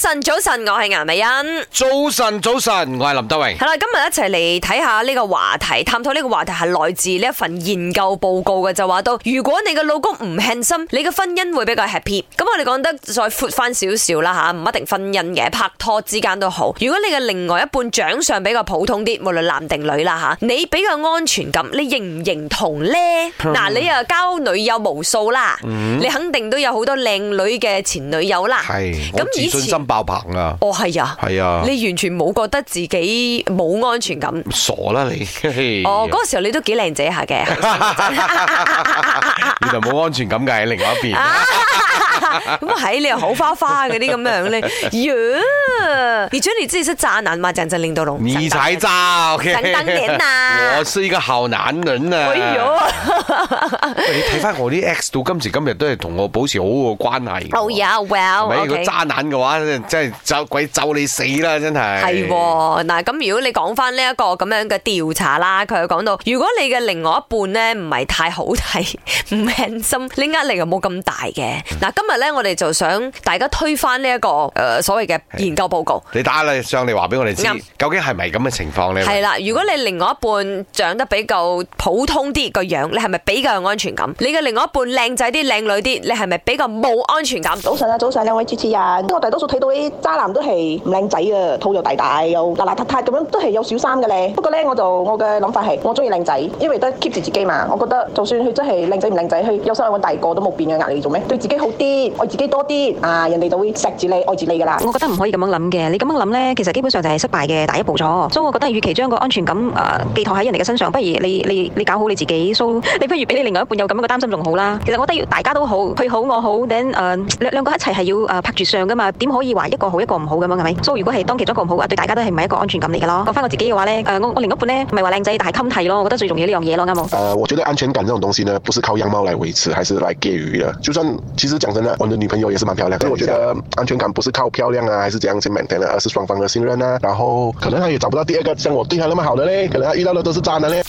早晨，早晨，我係顏美恩。早晨，早晨，我係林德榮。係啦，今日一齊嚟睇下呢個話題，探討呢個話題係來自呢一份研究報告嘅，就話到如果你嘅老公唔 handsome，你嘅婚姻會比較 happy。咁我哋講得再闊翻少少啦吓，唔一定是婚姻嘅，拍拖之間都好。如果你嘅另外一半長相比較普通啲，無論男定女啦吓，你比較安全感，你認唔認同呢？嗱， 你又交女友無數啦、嗯，你肯定都有好多靚女嘅前女友啦。係，咁以前。爆棚、哦、啊！哦，係啊，係啊，你完全冇覺得自己冇安全感，傻啦你！哦，嗰、嗰個時候你都幾靚仔下嘅， 原來冇安全感嘅喺另外一邊。 咁啊係，你又好花花嗰啲咁樣咧，喲！而且你自己識渣男嘛，鄭振領到龍，你才渣，陳登年啊！我是一個好男人啊！你睇翻我啲 X 到今時今日都係同我保持好嘅關係。Oh yeah，well，如果渣男嘅話，真係咒鬼咒你死啦！真係係嗱，咁如果你講翻呢一個咁樣嘅調查啦，佢又講到，如果你嘅另外一半咧唔係太好睇，唔開心，你壓力又冇咁大嘅。嗱，今日。咧， 我哋就想大家推翻呢一個誒所謂嘅研究報告。 你打上嚟相，你話俾我哋知、嗯，究竟係咪咁嘅情況咧？係啦， 如果你另外一半長得比較普通啲個樣，你係咪比較有安全感？你嘅另外一半靚仔啲、靚女啲，你係咪比較冇安全感？早晨啊，早晨，兩位主持人，我大多數睇到啲渣男都係唔靚仔啊，肚又大大，又邋邋遢遢咁樣，都係有小三嘅咧。不過咧，我就我嘅諗法係，我中意靚仔，因為都 keep 住自己嘛。我覺得就算佢真係靚仔唔靚仔，佢有心有個大個都冇變嘅壓力做咩？對自己好啲。我自己多啲啊，人哋就會錫住你愛住你噶啦。我覺得唔可以咁樣諗嘅，你咁樣諗咧，其實基本上就係失敗嘅第一步咗。所以，我覺得與其將個安全感啊、呃、寄託喺人哋嘅身上，不如你你你搞好你自己。so，你不如俾你另外一半有咁樣嘅擔心仲好啦。其實我覺得要大家都好，佢好我好，等誒兩兩個一齊係要誒、呃、拍住相噶嘛。點可以話一個好一個唔好咁樣係咪？所以，so，如果係當其中一個唔好嘅話，對大家都係唔係一個安全感嚟嘅咯？講翻我自己嘅話咧，誒、呃、我我另一半咧唔係話靚仔，但係襟睇咯。我覺得最重要呢樣嘢咯，啱冇？誒、uh，我覺得安全感呢種東西呢，不是靠樣貌來維持，還是來給予嘅。就算其實講真啦。我的女朋友也是蠻漂亮的，我覺得安全感不是靠漂亮啊，還是怎樣去 Maintain 的，而是雙方的信任啊。然後可能她也找不到第二個像我對她那麼好的嘞，可能她遇到的都是渣男嘞。